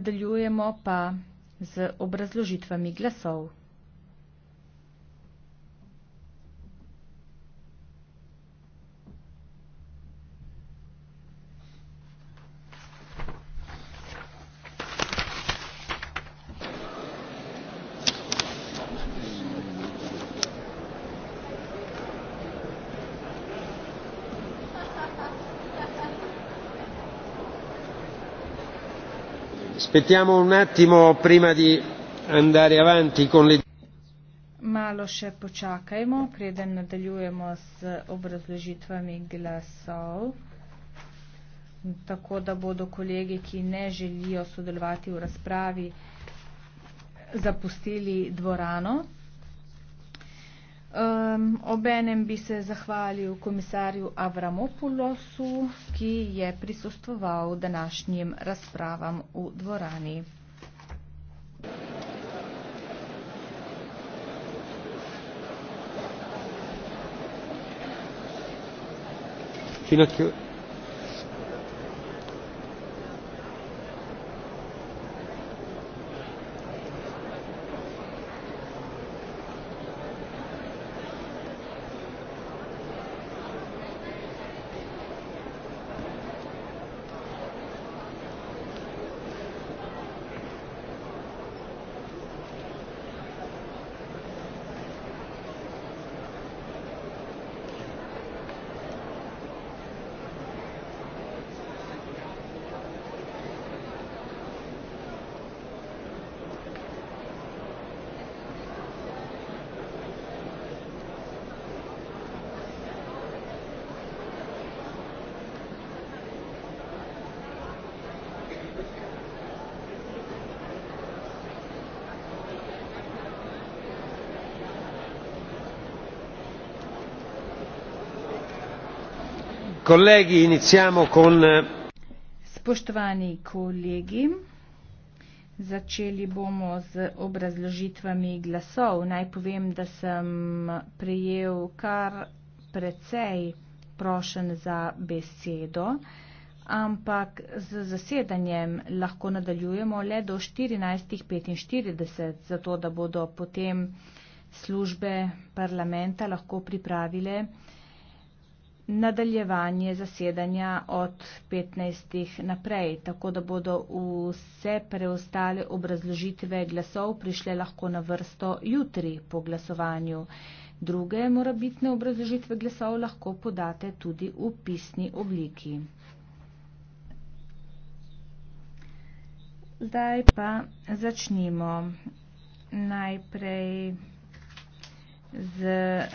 Nadaljujemo pa z obrazložitvami glasov. aspettiamo un attimo prima di andare avanti con le Malo še počakajmo, preden nadaljujemo s obrazložitvami glasov. Tako da bodo kolegi, ki ne želijo sodelovati v razpravi, zapustili dvorano. Um, obenem bi se zahvalil komisarju Avramopulosu, ki je prisostoval današnjim razpravam v dvorani. Finak, Eh, Spoštovani kolegi, začeli bomo z obrazložitvami glasov. Naj povem, da sem prejel kar precej prošen za besedo, ampak z zasedanjem lahko nadaljujemo le do 14.45, zato da bodo potem službe parlamenta lahko pripravile nadaljevanje zasedanja od 15. naprej, tako da bodo vse preostale obrazložitve glasov prišle lahko na vrsto jutri po glasovanju. Druge morabitne obrazložitve glasov lahko podate tudi v pisni obliki. Zdaj pa začnimo. Najprej z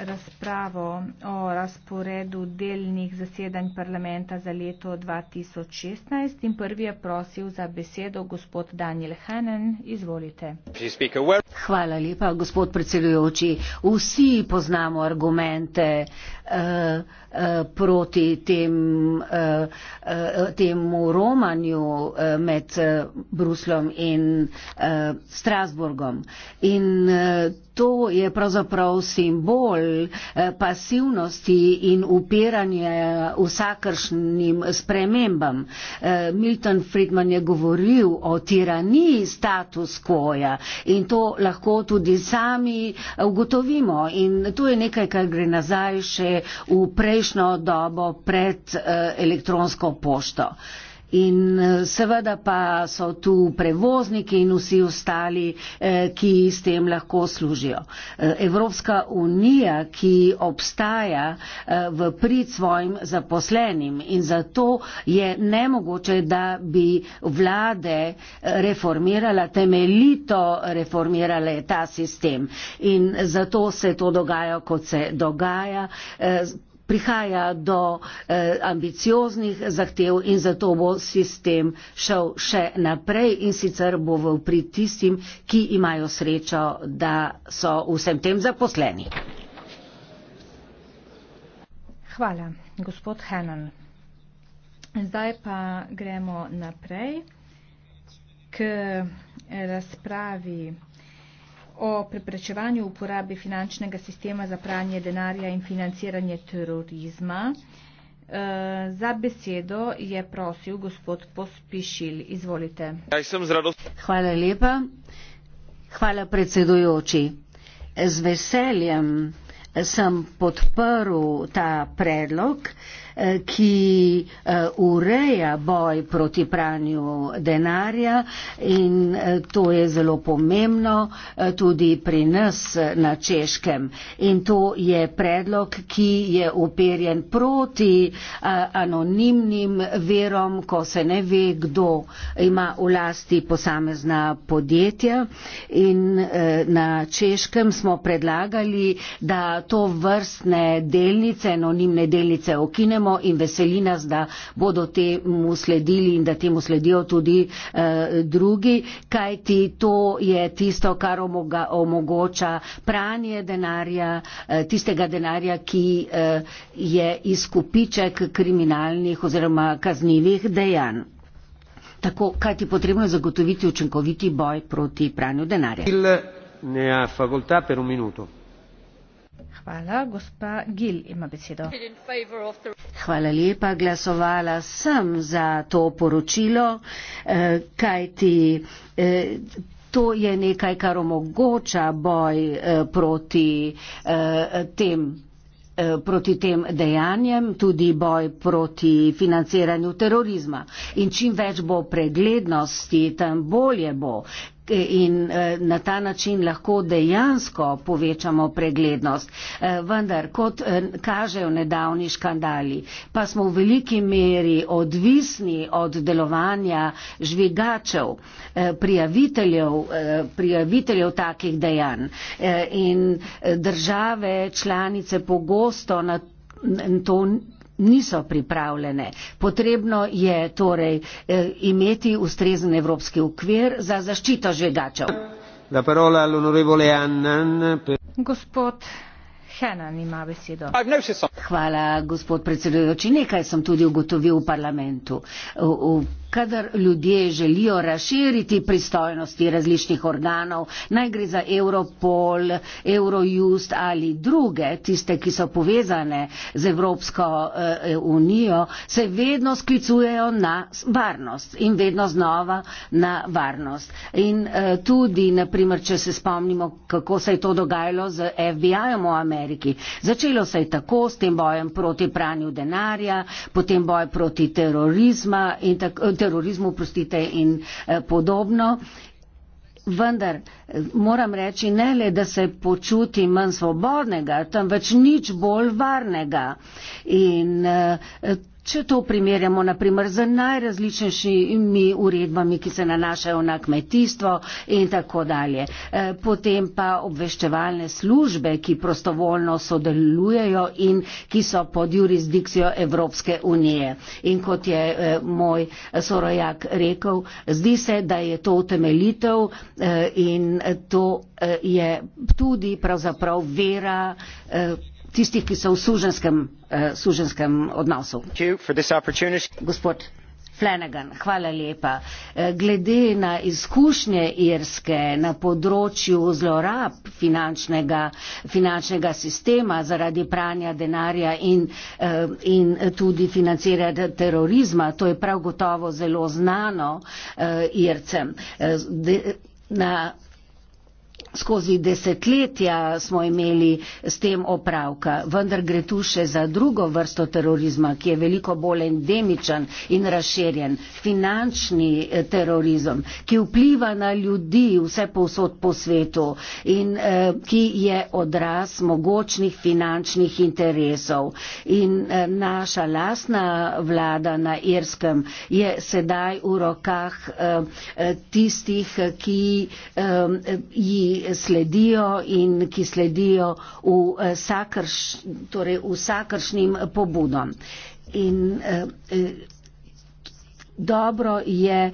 razpravo o razporedu delnih zasedanj parlamenta za leto 2016 in prvi je prosil za besedo gospod Daniel Hanen. Izvolite. Hvala lepa, gospod predsedujoči. Vsi poznamo argumente. Uh, proti tem, eh, temu romanju eh, med eh, Bruslom in Strasburgom. In to je pravzaprav simbol pasivnosti in upiranja vsakršnim spremembam. Milton Friedman je govoril o tiraniji status quoja in to lahko tudi sami ugotovimo. In to je nekaj, kar gre nazaj še v prejšnjem kakšno dobo pred eh, elektronsko pošto. In eh, seveda pa so tu prevozniki in vsi ostali, eh, ki s tem lahko služijo. Evropska unija, ki obstaja v prid svojim zaposlenim in zato je nemogoče, da bi vlade reformirala, temeljito reformirale ta sistem. In zato se to dogaja, kot se dogaja prihaja do eh, ambicioznih zahtev in zato bo sistem šel še naprej in sicer bo v prid tistim, ki imajo srečo, da so vsem tem zaposleni. Hvala, gospod Henan. Zdaj pa gremo naprej k razpravi o preprečevanju uporabe finančnega sistema za pranje denarja in financiranje terorizma. E, za besedo je prosil gospod Pospišil. Izvolite. Ja, Hvala lepa. Hvala predsedujoči. Z veseljem sem podprl ta predlog, ki eh, ureja boj proti pranju denarja in eh, to je zelo pomembno eh, tudi pri nas na Češkem. In to je predlog, ki je uperjen proti anonimnim verom, ko se ne ve, kdo ima v lasti posamezna podjetja. In na Češkem smo predlagali, da to vrstne delnice, anonimne delnice okinemo, upamo in veseli nas, da bodo temu sledili in da temu sledijo tudi eh, drugi, kajti to je tisto, kar omoga, omogoča pranje denarja, eh, tistega denarja, ki eh, je izkupiček kriminalnih oziroma kaznivih dejanj. Tako, kaj ti potrebno je zagotoviti učinkoviti boj proti pranju denarja. Il ne ha facoltà per un minuto. Hvala. Gospa Gil ima besedo. Hvala lepa. Glasovala sem za to poročilo, eh, kajti eh, to je nekaj, kar omogoča boj eh, proti tem proti tem dejanjem, tudi boj proti financiranju terorizma. In čim več bo preglednosti, tem bolje bo, in eh, na ta način lahko dejansko povečamo preglednost. Eh, vendar, kot eh, kažejo nedavni škandali, pa smo v veliki meri odvisni od delovanja žvigačev, prijaviteljev, prijaviteljev takih dejanj. In države, članice pogosto na to niso pripravljene. Potrebno je torej eh, imeti ustrezen evropski okvir za zaščito žvegačev. Gospod Henan ima besedo. Hvala, gospod predsedujoči. Nekaj sem tudi ugotovil v parlamentu. V, v Kadar ljudje želijo razširiti pristojnosti različnih organov, naj gre za Europol, Eurojust ali druge, tiste, ki so povezane z Evropsko eh, unijo, se vedno sklicujejo na varnost in vedno znova na varnost. In eh, tudi, naprimer, če se spomnimo, kako se je to dogajalo z FBI-om v Ameriki. Začelo se je tako s tem bojem proti pranju denarja, potem boj proti terorizma in tako terorizmu, prostite in eh, podobno. Vendar eh, moram reči ne le, da se počuti manj svobodnega, temveč nič bolj varnega. In, uh, Če to primerjamo naprimer z najrazličnejšimi uredbami, ki se nanašajo na kmetijstvo in tako dalje, e, potem pa obveščevalne službe, ki prostovoljno sodelujejo in ki so pod jurisdikcijo Evropske unije. In kot je e, moj sorojak rekel, zdi se, da je to utemelitev e, in to je tudi pravzaprav vera tistih, ki so v suženskem, uh, suženskem odnosu. Gospod Flanagan, hvala lepa. Eh, glede na izkušnje Irske na področju zlorab finančnega, finančnega sistema zaradi pranja denarja in, eh, in tudi financiranja terorizma, to je prav gotovo zelo znano Ircem. Na skozi desetletja smo imeli s tem opravka, vendar gre tu še za drugo vrsto terorizma, ki je veliko bolj endemičen in razširjen, finančni eh, terorizem, ki vpliva na ljudi vse povsod po svetu in eh, ki je odraz mogočnih finančnih interesov. In eh, naša lasna vlada na Irskem je sedaj v rokah eh, eh tistih, ki eh, ji eh, sledijo in ki sledijo v vsakrš, eh, torej vsakršnim pobudom. In, eh, eh, Dobro je,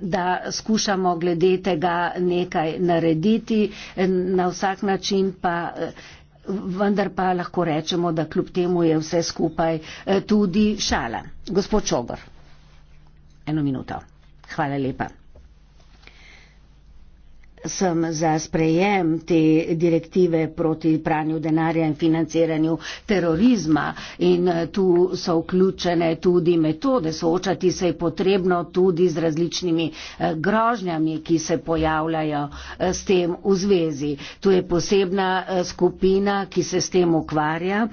da skušamo glede tega nekaj narediti, na vsak način pa, vendar pa lahko rečemo, da kljub temu je vse skupaj tudi šala. Gospod Čogor, eno minuto. Hvala lepa sem za sprejem te direktive proti pranju denarja in financiranju terorizma in eh, tu so vključene tudi metode. Soočati se je potrebno tudi z različnimi eh, grožnjami, ki se pojavljajo eh, s tem v zvezi. Tu je posebna skupina, ki se s tem ukvarja,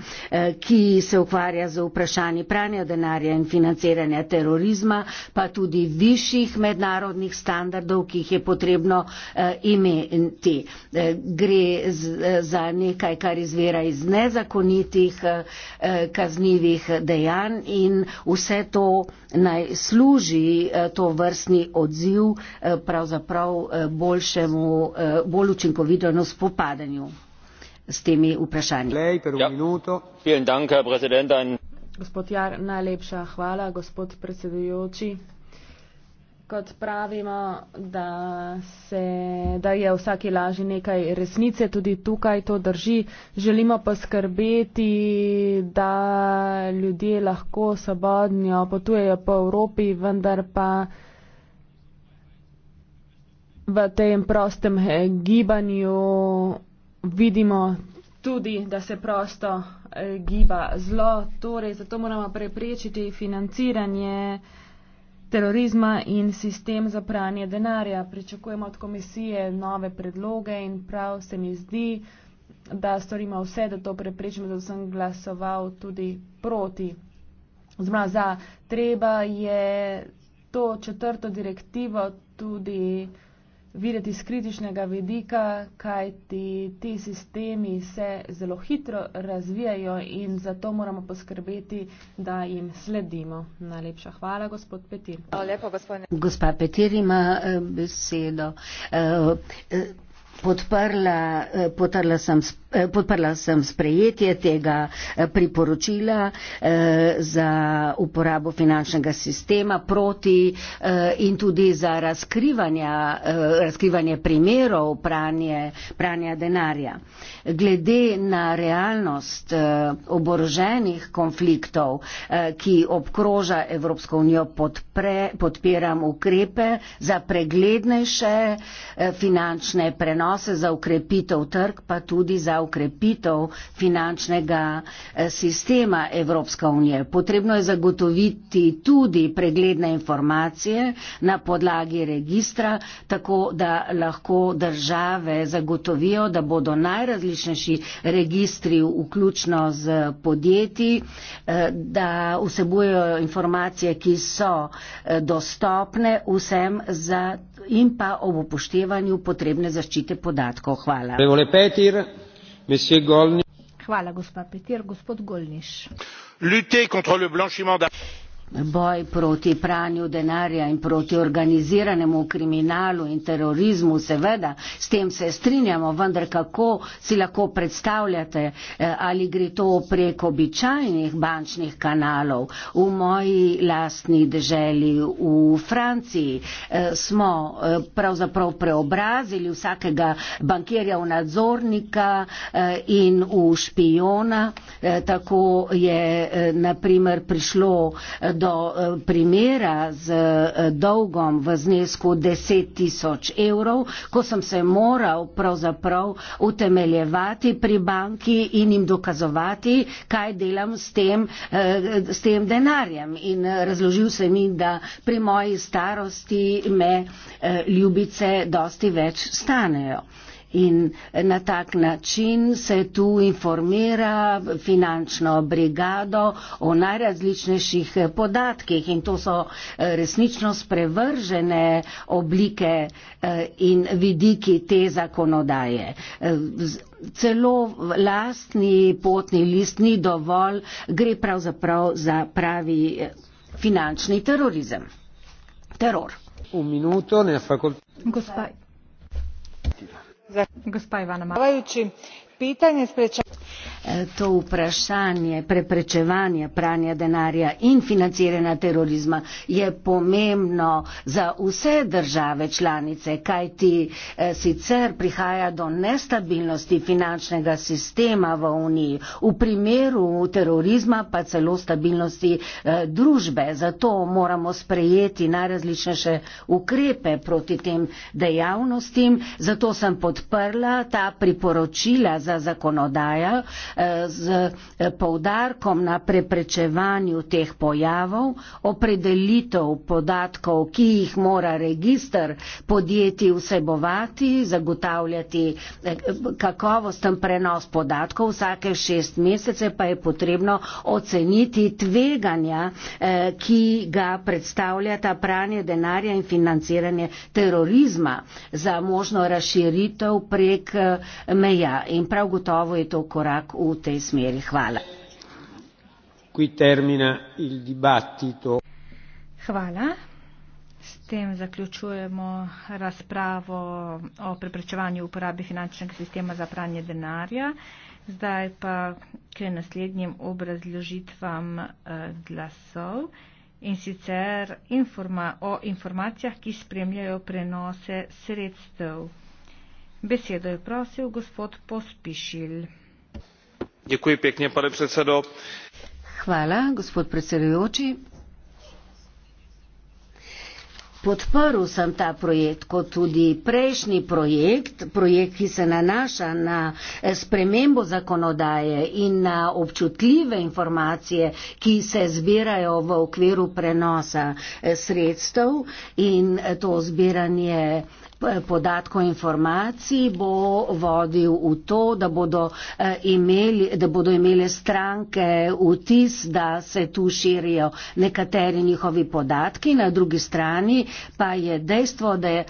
ki se ukvarja z vprašanji pranja denarja in financiranja terorizma, pa tudi višjih mednarodnih standardov, ki jih je potrebno ime in ti. E, gre e, za nekaj, kar izvira iz nezakonitih e, kaznjivih dejanj in vse to naj služi to vrstni odziv pravzaprav boljšemu, bolj učinkovitemu spopadanju s temi vprašanji. Ja. Gospod Jar, najlepša hvala, gospod predsedujoči kot pravimo, da, se, da je vsaki laži nekaj resnice, tudi tukaj to drži. Želimo poskrbeti, da ljudje lahko svobodno potujejo po Evropi, vendar pa v tem prostem eh, gibanju vidimo tudi, da se prosto eh, giba zlo. Torej, zato moramo preprečiti financiranje terorizma in sistem za pranje denarja. Pričakujemo od komisije nove predloge in prav se mi zdi, da storimo vse, da to preprečimo, da sem glasoval tudi proti. Zmaj za treba je to četrto direktivo tudi videti z kritičnega vidika, kaj ti, ti sistemi se zelo hitro razvijajo in zato moramo poskrbeti, da jim sledimo. Najlepša hvala, gospod Petir. Lepo, gospod Petir ima eh, besedo. Eh, eh, podprla, eh, podprla, sem, eh, podprla sem sprejetje tega eh, priporočila za uporabo finančnega sistema proti in tudi za razkrivanje primerov pranje, pranja denarja. Glede na realnost oboroženih konfliktov, ki obkroža Evropsko unijo, podpre, podpiram ukrepe za preglednejše finančne prenose odnose za ukrepitev trg, pa tudi za ukrepitev finančnega eh, sistema Evropske unije. Potrebno je zagotoviti tudi pregledne informacije na podlagi registra, tako da lahko države zagotovijo, da bodo najrazličnejši registri vključno z podjetji, eh, da vsebujejo informacije, ki so eh, dostopne vsem za in pa ob upoštevanju potrebne zaščite podatkov. Hvala. Hvala, gospod Petir. Gospod Golniš. Boj proti pranju denarja in proti organiziranemu kriminalu in terorizmu, seveda, s tem se strinjamo, vendar kako si lahko predstavljate, eh, ali gre to prek običajnih bančnih kanalov. V moji lastni državi, v Franciji, eh, smo eh, pravzaprav preobrazili vsakega bankirja v nadzornika in v špijona. Tako je naprimer prišlo do do eh, primera z eh, dolgom v znesku 10 tisoč evrov, ko sem se moral pravzaprav utemeljevati pri banki in jim dokazovati, kaj delam s tem, eh, s tem denarjem. In razložil se mi, da pri moji starosti me ljubice dosti več stanejo in na tak način se tu informira finančno brigado o najrazličnejših podatkih in to so eh, resnično sprevržene oblike eh, in vidiki te zakonodaje. Eh, celo lastni potni list ni dovolj, gre pravzaprav za pravi finančni terorizem. Teror. Minuto, ne, Gospa gospa ivana matulić dobro je da je pitanje sprečavanja korupcije Eh, to vprašanje preprečevanja pranja denarja in financiranja terorizma je pomembno za vse države članice, kajti eh, sicer prihaja do nestabilnosti finančnega sistema v Uniji, v primeru terorizma pa celo stabilnosti eh, družbe. Zato moramo sprejeti najrazličnejše ukrepe proti tem dejavnostim. Zato sem podprla ta priporočila za zakonodajo, Eh, z eh, poudarkom na preprečevanju teh pojavov, opredelitev podatkov, ki jih mora registr podjetij vsebovati, zagotavljati eh, kakovosten prenos podatkov vsake šest mesece, pa je potrebno oceniti tveganja, ki ga predstavlja ta pranje denarja in financiranje terorizma za možno razširitev prek meja. In prav gotovo je to korak korak v tej smeri. Hvala. Hvala. S tem zaključujemo razpravo o preprečevanju uporabi finančnega sistema za pranje denarja. Zdaj pa k naslednjim obrazložitvam eh, glasov in sicer informa o informacijah, ki spremljajo prenose sredstev. Besedo je prosil gospod Pospišil pane predsedujoči podprl sem ta projekt kot tudi prejšnji projekt projekt ki se nanaša na spremembo zakonodaje in na občutljive informacije ki se zbirajo v okviru prenosa eh, sredstev in to zbiranje podatkov in informacij bo vodil v to, da bodo, eh, imeli, da bodo imeli stranke vtis, da se tu širijo nekateri njihovi podatki. Na drugi strani pa je dejstvo, da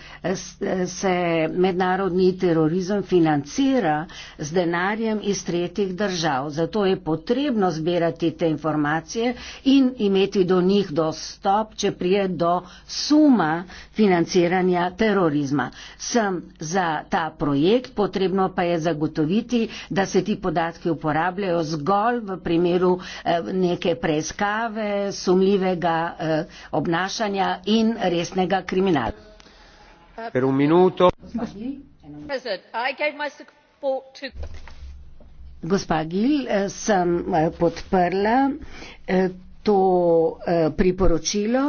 se mednarodni terorizem financira z denarjem iz tretjih držav. Zato je potrebno zbirati te informacije in imeti do njih dostop, če prije do suma financiranja terorizma oziroma sem za ta projekt, potrebno pa je zagotoviti, da se ti podatki uporabljajo zgolj v primeru eh, neke preiskave, sumljivega eh, obnašanja in resnega kriminala. Gospa Gil, eh, sem podprla to priporočilo,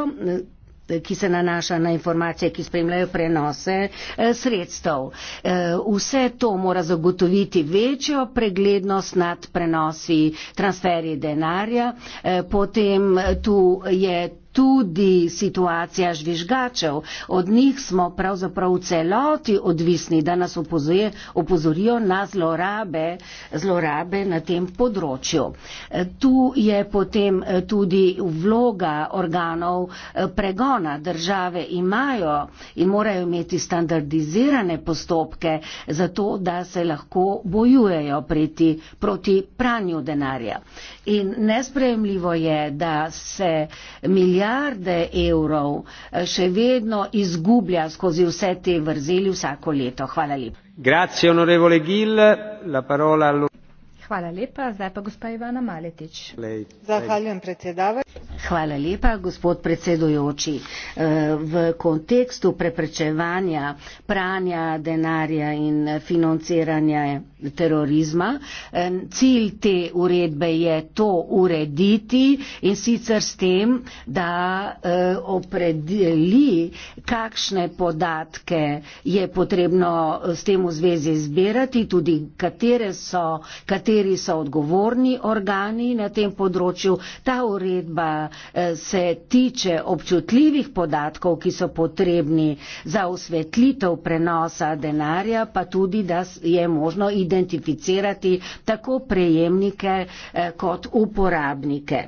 ki se nanaša na informacije, ki spremljajo prenose eh, sredstev. Eh, vse to mora zagotoviti večjo preglednost nad prenosi transferi denarja. Eh, potem tu je tudi situacija žvižgačev. Od njih smo pravzaprav v celoti odvisni, da nas opozorijo, opozorijo na zlorabe, zlorabe na tem področju. E, tu je potem e, tudi vloga organov e, pregona. Države imajo in morajo imeti standardizirane postopke za to, da se lahko bojujejo priti proti pranju denarja. In nesprejemljivo je, da se milijarde milijarde evrov eh, še vedno izgublja skozi vse te vrzeli vsako leto. Hvala lepa. Grazie, onorevole Gil. La parola allo... Hvala lepa, zdaj pa gospa Ivana Maletič. Zahvaljujem predsedavajoč. Hvala lepa, gospod predsedujoči. Eh, v kontekstu preprečevanja pranja denarja in financiranja terorizma. Cilj te uredbe je to urediti in sicer s tem, da e, opredeli, kakšne podatke je potrebno e, s tem v zvezi zbirati, tudi so, kateri so odgovorni organi na tem področju. Ta uredba e, se tiče občutljivih podatkov, ki so potrebni za osvetlitev prenosa denarja, pa tudi, da je možno identificirati identificirati tako prejemnike eh, kot uporabnike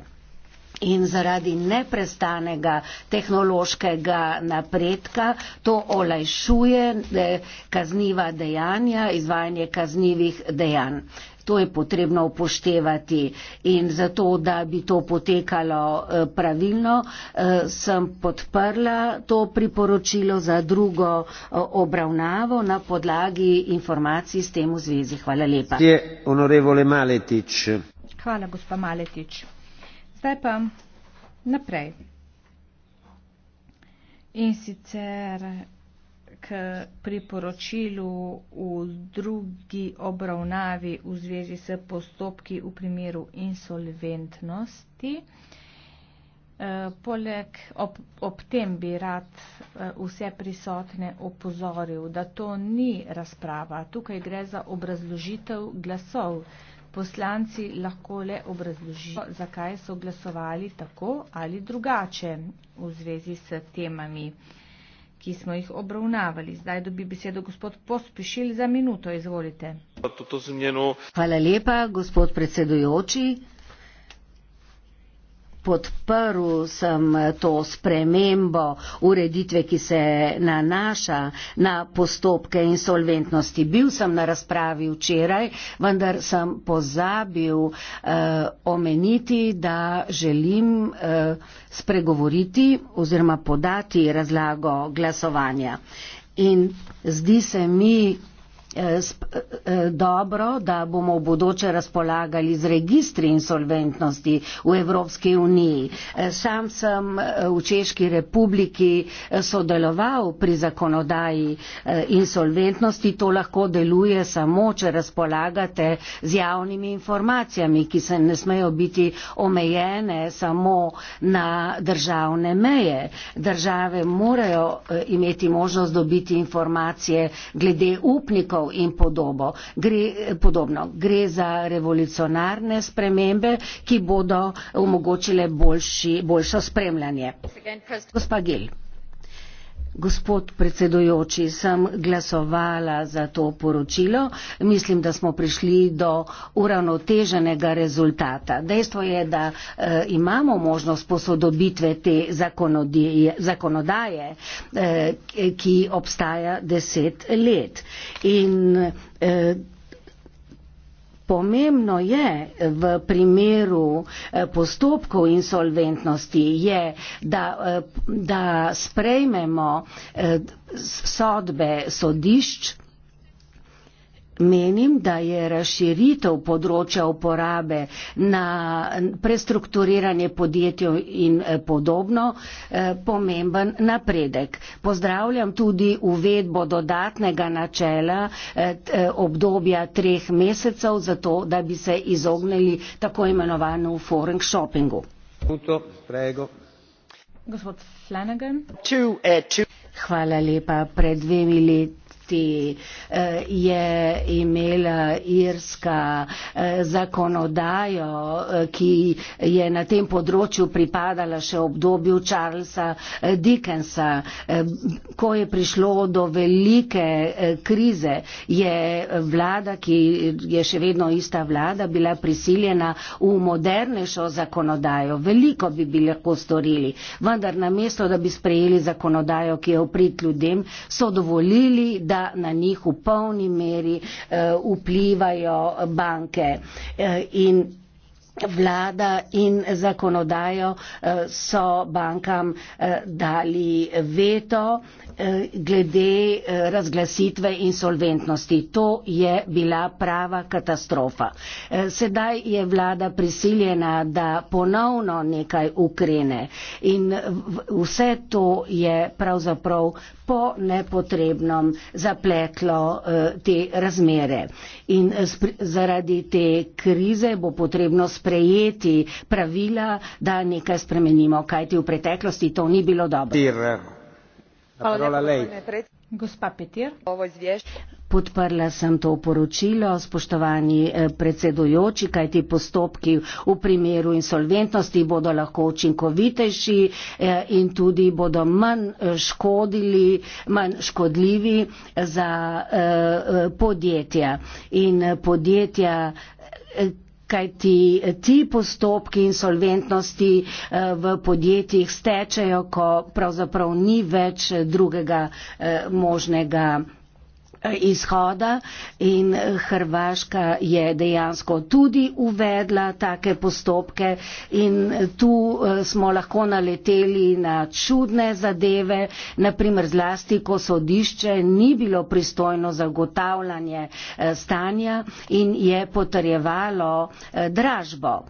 in zaradi neprestanega tehnološkega napredka to olajšuje eh, kazniva dejanja, izvajanje kaznivih dejanj. To je potrebno upoštevati in zato, da bi to potekalo eh, pravilno, eh, sem podprla to priporočilo za drugo obravnavo na podlagi informacij s tem v zvezi. Hvala lepa. Hvala, gospa Maletič zdaj pa naprej. In sicer k priporočilu v drugi obravnavi v zvezi s postopki v primeru insolventnosti. Eh, poleg, ob, ob tem bi rad eh, vse prisotne opozoril, da to ni razprava. Tukaj gre za obrazložitev glasov poslanci lahko le obrazložijo, zakaj so glasovali tako ali drugače v zvezi s temami, ki smo jih obravnavali. Zdaj dobi besedo gospod Pospišil za minuto. Izvolite. Hvala lepa, gospod predsedujoči podprl sem to spremembo ureditve, ki se nanaša na postopke insolventnosti. Bil sem na razpravi včeraj, vendar sem pozabil eh, omeniti, da želim eh, spregovoriti oziroma podati razlago glasovanja. In zdi se mi, Eh, eh, dobro, da bomo v bodoče razpolagali z registri insolventnosti v Evropski uniji. Eh, sam sem v Češki republiki sodeloval pri zakonodaji insolventnosti. To lahko deluje samo, če razpolagate z javnimi informacijami, ki se ne smejo biti omejene samo na državne meje. Države morajo imeti možnost dobiti informacije glede upnikov pojav in podobo. Gre, podobno. Gre za revolucionarne spremembe, ki bodo omogočile boljši, boljšo spremljanje. Gospa Gil. Gospod predsedujoči, sem glasovala za to poročilo. Mislim, da smo prišli do uravnoteženega rezultata. Dejstvo je, da e, imamo možnost posodobitve te zakonodaje, e, ki obstaja deset let. In, e, Pomembno je v primeru eh, postopkov insolventnosti, je, da, eh, da sprejmemo eh, sodbe sodišč, Menim, da je razširitev področja uporabe na prestrukturiranje podjetjo in eh, podobno eh, pomemben napredek. Pozdravljam tudi uvedbo dodatnega načela eh, obdobja treh mesecev, zato da bi se izognili tako imenovanemu foreign shoppingu. Hvala lepa. Pred dvemi leti oblasti eh, je imela irska eh, zakonodajo, eh, ki je na tem področju pripadala še obdobju Charlesa Dickensa. Ko je prišlo do velike krize, je vlada, ki je še vedno ista vlada, bila prisiljena v modernejšo zakonodajo. Veliko bi bi lahko storili, vendar namesto, da bi sprejeli zakonodajo, ki je oprit ljudem, so dovolili, da da na njih v polni meri uh, vplivajo banke. Uh, in vlada in zakonodajo uh, so bankam uh, dali veto glede razglasitve insolventnosti. To je bila prava katastrofa. Sedaj je vlada prisiljena, da ponovno nekaj ukrene in vse to je pravzaprav po nepotrebnem zapletlo eh, te razmere. In eh, zaradi te krize bo potrebno sprejeti pravila, da nekaj spremenimo, kajti v preteklosti to ni bilo dobro. Hvala lepa, gospa Petir. Podprla sem to poročilo, spoštovani eh, predsedujoči, kaj ti postopki v primeru insolventnosti bodo lahko učinkovitejši eh, in tudi bodo manj, eh, škodili, manj škodljivi za podjetja. In podjetja kaj ti, ti postopki insolventnosti v podjetjih stečejo, ko pravzaprav ni več drugega možnega izhoda in Hrvaška je dejansko tudi uvedla take postopke in tu eh, smo lahko naleteli na čudne zadeve, naprimer zlasti, ko sodišče ni bilo pristojno zagotavljanje eh, stanja in je potrjevalo eh, dražbo.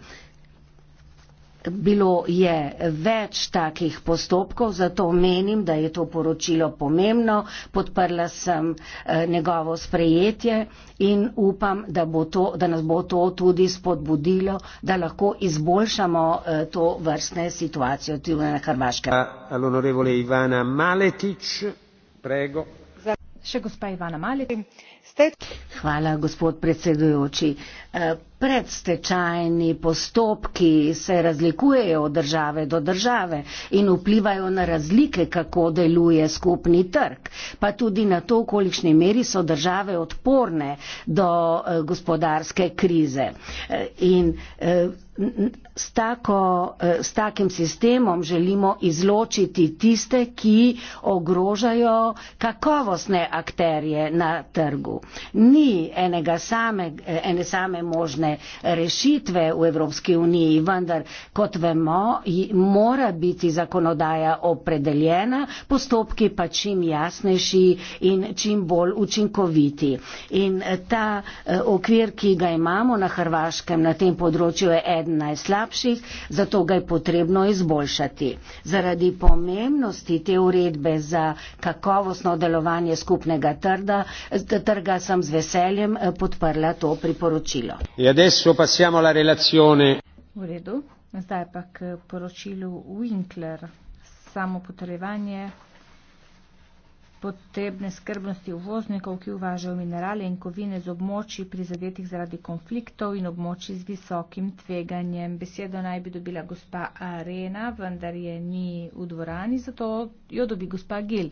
Bilo je več takih postopkov, zato menim, da je to poročilo pomembno. Podprla sem eh, njegovo sprejetje in upam, da, bo to, da nas bo to tudi spodbudilo, da lahko izboljšamo eh, to vrstne situacijo tudi na Hrvaškem. Al Ivana Maletič, prego. Še gospa Ivana Maletič. Hvala, gospod predsedujoči. Eh, Predstečajni postopki se razlikujejo od države do države in vplivajo na razlike, kako deluje skupni trg, pa tudi na to, v kolikšni meri so države odporne do eh, gospodarske krize. Eh, in eh, s, tako, s takim sistemom želimo izločiti tiste, ki ogrožajo kakovostne akterje na trgu. Ni enega same, ene same možne možne rešitve v Evropski uniji, vendar kot vemo, mora biti zakonodaja opredeljena, postopki pa čim jasnejši in čim bolj učinkoviti. In ta eh, okvir, ki ga imamo na Hrvaškem na tem področju, je eden najslabših, zato ga je potrebno izboljšati. Zaradi pomembnosti te uredbe za kakovostno delovanje skupnega trda, trga sem z veseljem eh, podprla to priporočilo adesso passiamo alla relazione. V redu, zdaj pa k poročilu Winkler, samo potrebovanje potrebne skrbnosti uvoznikov, ki uvažajo minerale in kovine z območij prizadetih zaradi konfliktov in območij z visokim tveganjem. Besedo naj bi dobila gospa Arena, vendar je ni v dvorani, zato jo dobi gospa Gil.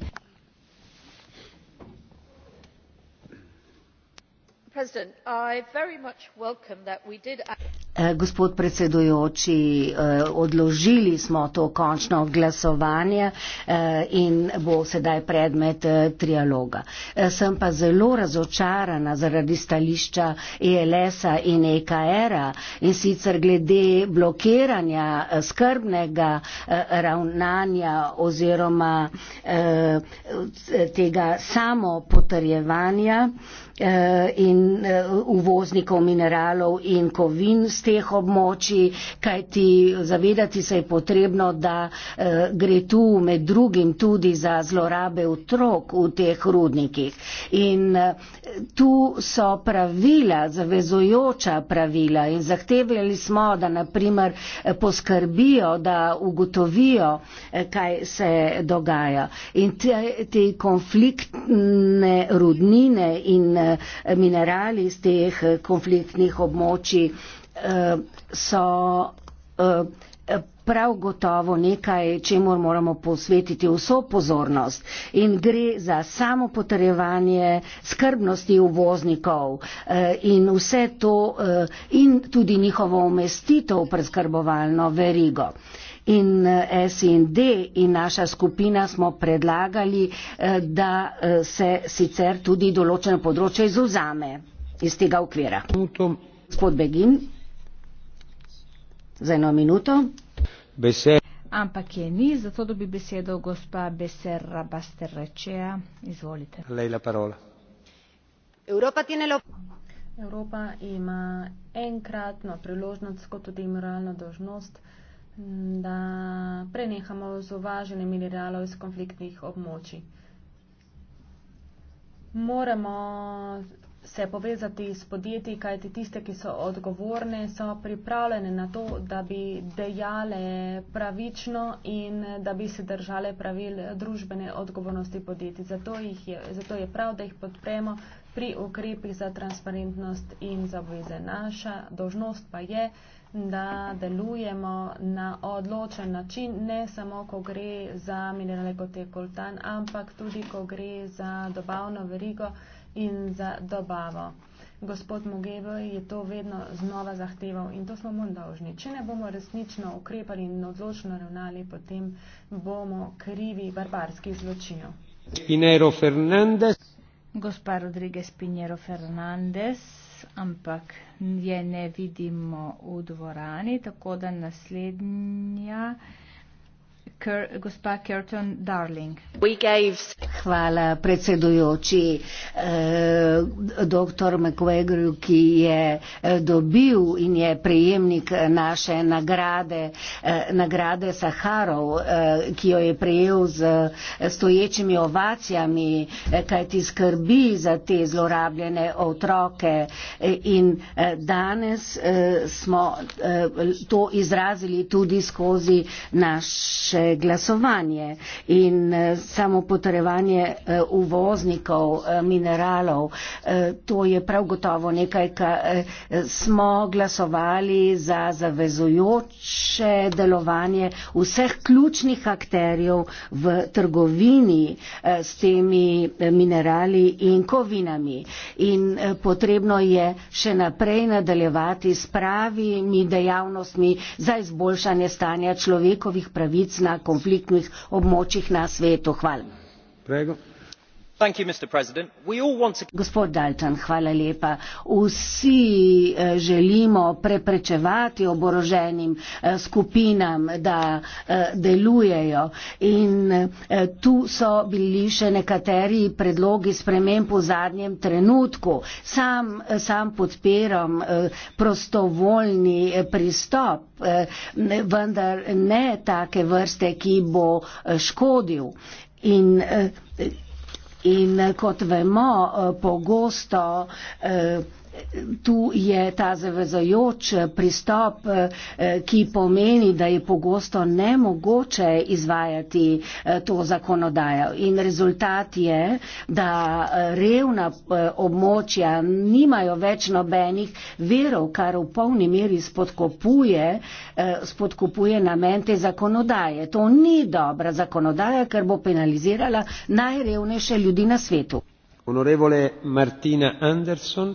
Eh, gospod predsedujoči, eh, odložili smo to končno glasovanje eh, in bo sedaj predmet trialoga. Sem pa zelo razočarana zaradi stališča ELS-a in EKR-a in sicer glede blokiranja skrbnega ravnanja oziroma tega samopotrjevanja. Eh, in eh, uvoznikov mineralov in kovin z teh območij, kajti zavedati se je potrebno, da eh, gre tu med drugim tudi za zlorabe otrok v teh rudnikih. In tu so pravila, zavezojoča pravila in zahtevali smo, da naprimer poskrbijo, da ugotovijo, kaj se dogaja. In te, te konfliktne rudnine in Eh, minerali iz teh eh, konfliktnih območij eh, so prav gotovo nekaj, čemu moramo posvetiti vso pozornost. In gre za samo potrjevanje skrbnosti uvoznikov in vse to in tudi njihovo umestitev v preskrbovalno verigo in eh, SND e in naša skupina smo predlagali, eh, da eh, se sicer tudi določeno področje izuzame iz tega okvira. Gospod Begin, za eno minuto. Besed. Ampak je ni, zato dobi besedo gospa Beserra Basterrečeja. Izvolite. Lej la parola. Evropa tiene lo... Evropa ima enkratno priložnost, kot tudi moralno dožnost, da prenehamo z uvažanjem mineralov iz konfliktnih območij. Moramo se povezati s podjetji, kajti tiste, ki so odgovorne, so pripravljene na to, da bi dejale pravično in da bi se držale pravil družbene odgovornosti podjetij. Zato, jih je, zato je prav, da jih podpremo pri ukrepih za transparentnost in za obveze. Naša dožnost pa je, da delujemo na odločen način, ne samo, ko gre za minerale kot je koltan, ampak tudi, ko gre za dobavno verigo in za dobavo. Gospod Mugebe je to vedno znova zahteval in to smo mu dolžni. Če ne bomo resnično ukrepali in odločno ravnali, potem bomo krivi barbarskih zločinov. Pinero Fernandez. Gospa Rodriguez Pinero Fernandez, ampak je ne vidimo v dvorani, tako da naslednja Hvala predsedujoči. Eh, Dr. McWegru, ki je eh, dobil in je prejemnik eh, naše nagrade, nagrade Saharov, ki jo je prejel z stoječimi ovacijami, kajti skrbi za te zlorabljene otroke. In danes smo to izrazili tudi skozi naše glasovanje in eh, samo potrevanje eh, uvoznikov eh, mineralov. To je prav gotovo nekaj, kar smo glasovali za zavezujoče delovanje vseh ključnih akterjev v trgovini s temi minerali in kovinami. In potrebno je še naprej nadaljevati s pravimi dejavnostmi za izboljšanje stanja človekovih pravic na konfliktnih območjih na svetu gospod Dalton, hvala lepa. Vsi eh, želimo preprečevati oboroženim eh, skupinam, da eh, delujejo. In tu so bili še nekateri predlogi sprememb v zadnjem trenutku. Sam, sam podpiram prostovoljni pristop, vendar ne take vrste, ki bo škodil. In, In eh, kot vemo, eh, pogosto eh, tu je ta zavezojoč pristop, eh, ki pomeni, da je pogosto nemogoče izvajati eh, to zakonodajo. In rezultat je, da eh, revna območja nimajo več nobenih verov, kar v polni meri spodkopuje, spodkopuje namen te zakonodaje. To ni dobra zakonodaja, ker bo penalizirala najrevnejše ljudi na svetu. Honorevole Martina Anderson,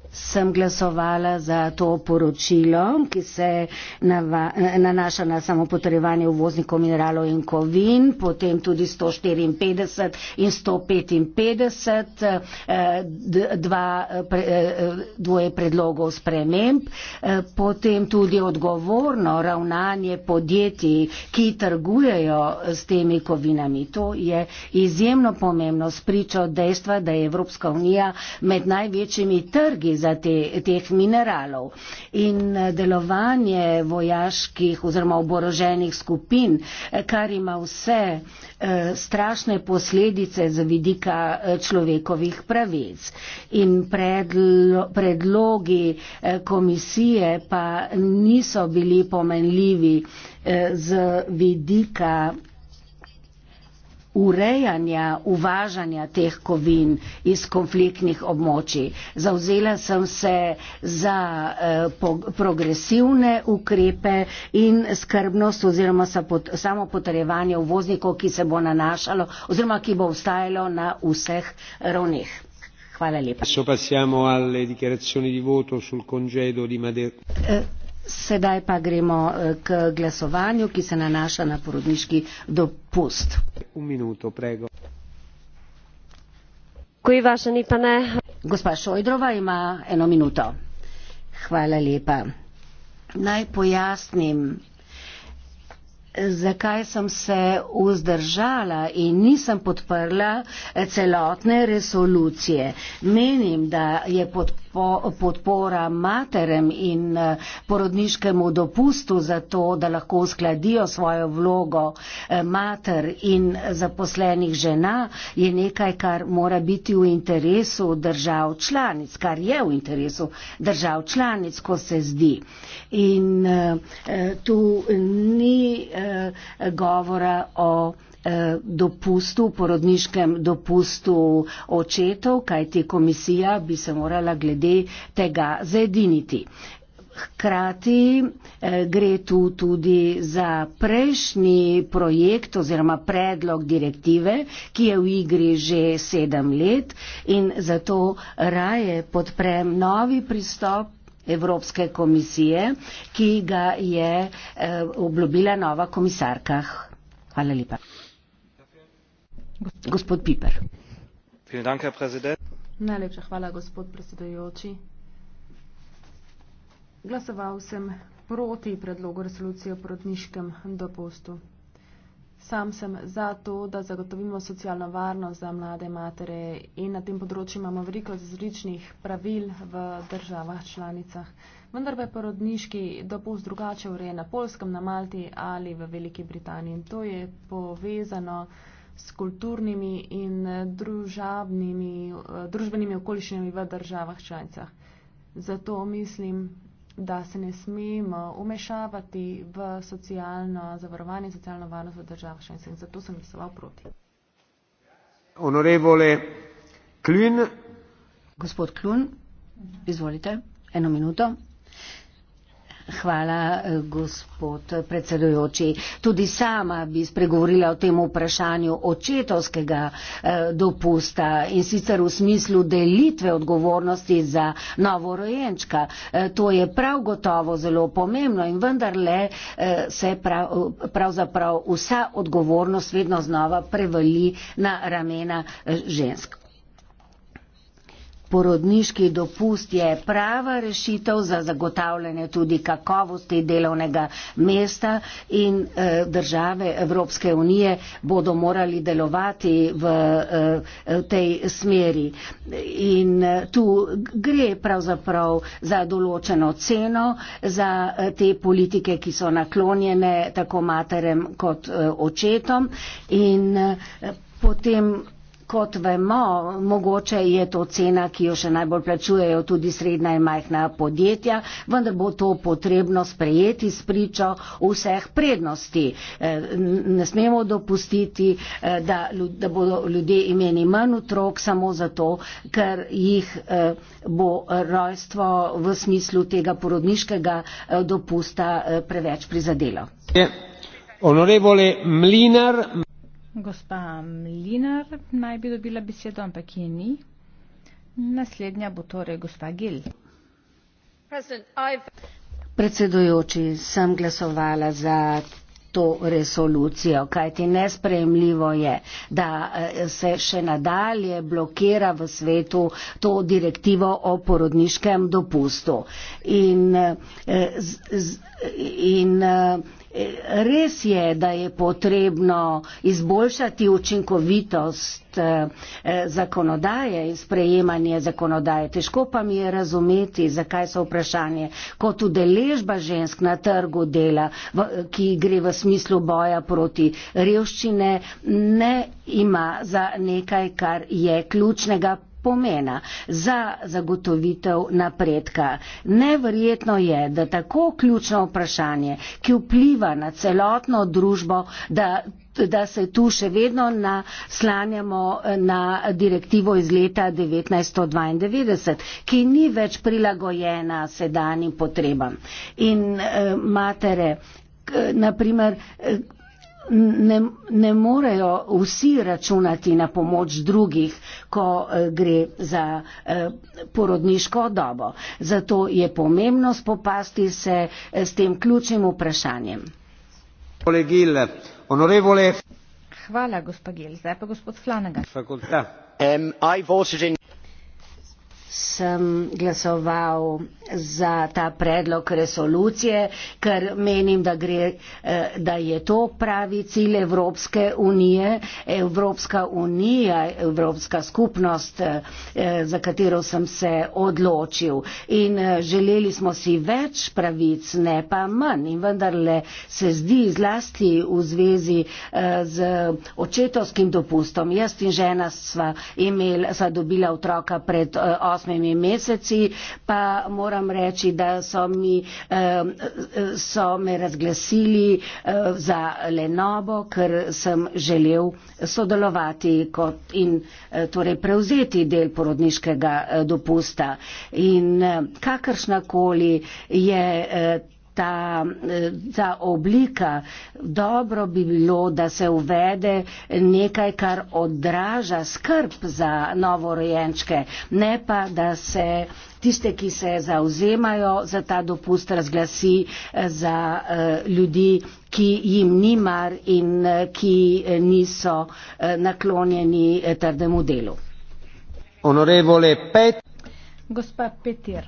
sem glasovala za to poročilo, ki se nava, nanaša na samopotrjevanje uvoznikov mineralov in kovin, potem tudi 154 in 155, eh, dva, eh, eh, dvoje predlogov sprememb, potem tudi odgovorno ravnanje podjetij, ki trgujejo s temi kovinami. To je izjemno pomembno spričo dejstva, da je Evropska unija med največjimi trgi za te, teh mineralov. In eh, delovanje vojaških oziroma oboroženih skupin, eh, kar ima vse eh, strašne posledice z vidika človekovih pravic. In predlo, predlogi komisije pa niso bili pomenljivi z vidika urejanja, uvažanja teh kovin iz konfliktnih območij. Zauzela sem se za eh, progresivne ukrepe in skrbnost oziroma pot, samo potrejevanje uvoznikov, ki se bo nanašalo oziroma ki bo ustajalo na vseh ravneh. Hvala lepa. Sedaj pa gremo eh, k glasovanju, ki se nanaša na porodniški dopust. Kuj vaše ni pa ne? Gospa Šojdrova ima eno minuto. Hvala lepa. Naj pojasnim, zakaj sem se vzdržala in nisem podprla eh, celotne resolucije. Menim, da je podprla podpora materem in eh, porodniškemu dopustu za to, da lahko uskladijo svojo vlogo eh, mater in zaposlenih žena, je nekaj, kar mora biti v interesu držav članic, kar je v interesu držav članic, ko se zdi. In eh, tu ni govora o Eh, dopustu, porodniškem dopustu očetov, kajti komisija bi se morala glede tega zediniti. Hkrati eh, gre tu tudi za prejšnji projekt oziroma predlog direktive, ki je v igri že sedem let in zato raje podprem novi pristop. Evropske komisije, ki ga je eh, obljubila nova komisarka. Hvala lepa gospod Piper. Najlepša hvala, gospod predsedujoči. Glasoval sem proti predlogu resolucije o porodniškem dopustu. Sam sem za to, da zagotovimo socialno varnost za mlade matere in na tem področju imamo veliko različnih pravil v državah članicah. Vendar pa je porodniški dopust drugače urejen na Polskem, na Malti ali v Veliki Britaniji. To je povezano s kulturnimi in eh, družabnimi, eh, družbenimi okoliščinami v državah članicah. Zato mislim, da se ne smemo umešavati v socialno zavarovanje in socialno varnost v državah članicah in zato sem glasoval proti. Honorevole Klin. Gospod Klun, izvolite, eno minuto. Hvala, eh, gospod eh, predsedujoči. Tudi sama bi spregovorila o tem vprašanju očetovskega eh, dopusta in sicer v smislu delitve odgovornosti za novorojenčka. To je prav gotovo zelo pomembno in vendarle se prav, pravzaprav vsa odgovornost vedno znova prevali na ramena žensk. Porodniški dopust je prava rešitev za zagotavljanje tudi kakovosti delovnega mesta in eh, države Evropske unije bodo morali delovati v eh, tej smeri. In eh, tu gre pravzaprav za določeno ceno za te politike, ki so naklonjene tako materem kot očetom in potem kot vemo, mogoče je to cena, ki jo še najbolj plačujejo tudi srednja in majhna podjetja, vendar bo to potrebno sprejeti s pričo vseh prednosti. E, ne smemo dopustiti, e, da, da bodo ljudje imeli manj otrok samo zato, ker jih e, bo rojstvo v smislu tega porodniškega dopusta preveč prizadelo. Onorevole Mlinar. Gospa Mlinar naj bi dobila besedo, ampak je ni. Naslednja bo torej gospa Gil. Predsedujoči, sem glasovala za to resolucijo, kajti nespremljivo je, da eh, se še nadalje blokira v svetu to direktivo o porodniškem dopustu. In, eh, in, eh, Res je, da je potrebno izboljšati učinkovitost eh, eh, zakonodaje in sprejemanje zakonodaje. Težko pa mi je razumeti, zakaj so vprašanje kot udeležba žensk na trgu dela, ki gre v smislu boja proti revščine, ne ima za nekaj, kar je ključnega pomena za zagotovitev napredka. Neverjetno je, da tako ključno vprašanje, ki vpliva na celotno družbo, da da se tu še vedno naslanjamo eh, na direktivo iz leta 1992, ki ni več prilagojena sedanjim potrebam. In eh, matere, naprimer, eh, ne, ne morejo vsi računati na pomoč drugih, ko eh, gre za eh, porodniško dobo. Zato je pomembno spopasti se eh, s tem ključnim vprašanjem. Hvala, gospod Gil. Zdaj pa gospod Flanagan. Um, sem glasoval za ta predlog resolucije, ker menim, da, gre, eh, da je to pravi cilj Evropske unije. Evropska unija, Evropska skupnost, eh, za katero sem se odločil. In eh, želeli smo si več pravic, ne pa manj. In vendarle se zdi zlasti v zvezi z očetovskim dopustom. Jaz in žena sva, imel, sva dobila otroka pred 8 osmimi meseci, pa moram reči, da so, mi, eh, so me razglasili eh, za Lenovo, ker sem želel sodelovati kot in eh, torej prevzeti del porodniškega dopusta. In kakršnakoli je ta, ta eh, oblika. Dobro bi bilo, da se uvede nekaj, kar odraža skrb za novorojenčke, ne pa, da se tiste, ki se zauzemajo za ta dopust, razglasi eh, za eh, ljudi, ki jim ni mar in ki niso naklonjeni trdemu delu. Onorevole Pet. Gospa Petir.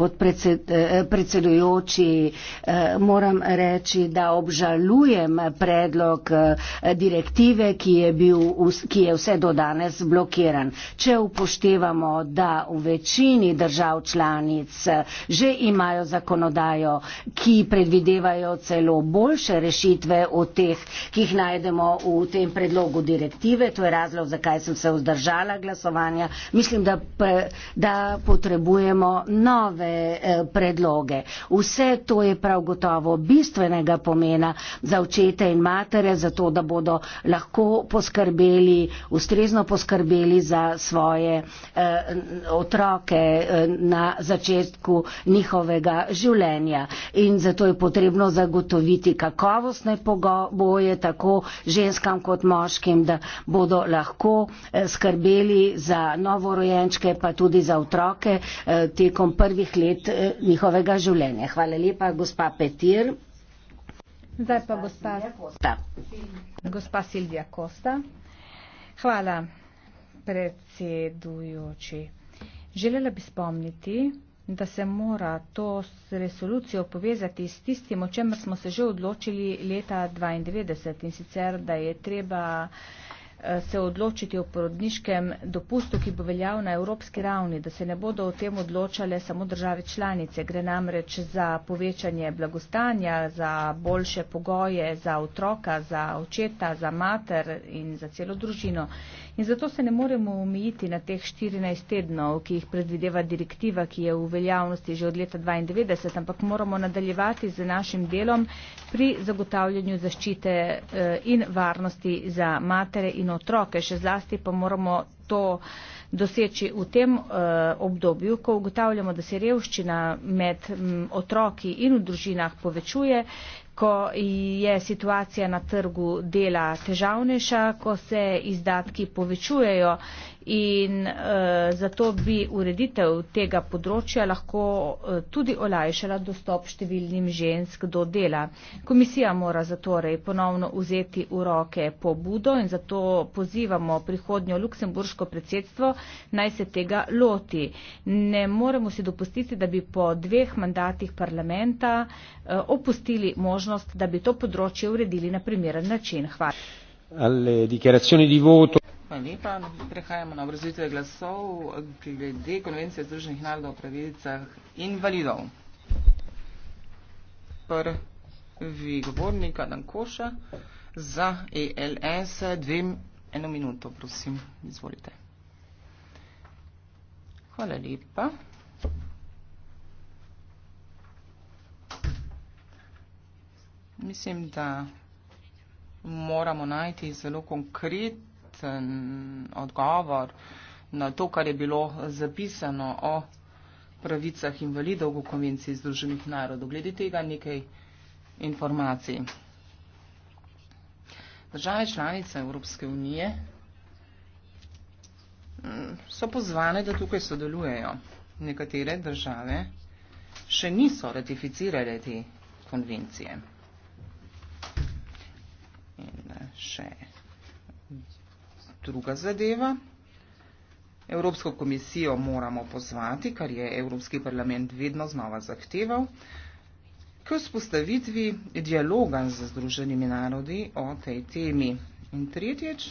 Eh, predsedujoči, eh, moram reči, da obžalujem predlog eh, direktive, ki je, bil, ki je vse do danes blokiran. Če upoštevamo, da v večini držav članic že imajo zakonodajo, ki predvidevajo celo boljše rešitve od teh, ki jih najdemo v tem predlogu direktive, to je razlog, zakaj sem se vzdržala glasovanja, mislim, da, da potrebujemo nove svoje eh, predloge. Vse to je prav gotovo bistvenega pomena za očete in matere, zato da bodo lahko poskrbeli, ustrezno poskrbeli za svoje eh, otroke eh, na začetku njihovega življenja. In zato je potrebno zagotoviti kakovostne pogoje tako ženskam kot moškim, da bodo lahko skrbeli za novorojenčke, pa tudi za otroke tekom prvih let eh, njihovega življenja. Hvala lepa, gospa Petir. Zdaj pa gospa Kosta. Gospa Silvija Kosta. Hvala, predsedujoči. Želela bi spomniti, da se mora to s resolucijo povezati s tistim, o čemer smo se že odločili leta 1992 in sicer, da je treba Eh, se odločiti o porodniškem dopustu, ki bo veljal na evropski ravni, da se ne bodo o tem odločale samo države članice. Gre namreč za povečanje blagostanja, za boljše pogoje za otroka, za očeta, za mater in za celo družino. In zato se ne moremo omejiti na teh 14 tednov, ki jih predvideva direktiva, ki je v veljavnosti že od leta 92, ampak moramo nadaljevati z našim delom pri zagotavljanju zaščite eh, in varnosti za matere in otroke. Še zlasti pa moramo to doseči v tem eh, obdobju, ko ugotavljamo, da se revščina med otroki in v družinah povečuje, ko je situacija na trgu dela težavnejša, ko se izdatki povečujejo in uh, zato bi ureditev tega področja lahko uh, tudi olajšala dostop številnim žensk do dela. Komisija mora zatorej ponovno vzeti v roke pobudo in zato pozivamo prihodnjo luksemburško predsedstvo naj se tega loti. Ne moremo si dopustiti, da bi po dveh mandatih parlamenta uh, opustili možnost, da bi to področje uredili na primeren način. Hvala. Hvala lepa. Prehajamo na obrazitve glasov glede konvencije Združenih narodov o pravicah invalidov. Prvi govornik Adam Koša za ELS dvem eno minuto, prosim, izvolite. Hvala lepa. Mislim, da moramo najti zelo konkret korekten odgovor na to, kar je bilo zapisano o pravicah invalidov v konvenciji Združenih narodov. Glede tega nekaj informacij. Države članice Evropske unije mm, so pozvane, da tukaj sodelujejo. Nekatere države še niso ratificirale te konvencije. In eh, še druga zadeva. Evropsko komisijo moramo pozvati, kar je Evropski parlament vedno znova zahteval, k vzpostavitvi dialoga z Združenimi narodi o tej temi. In tretjič,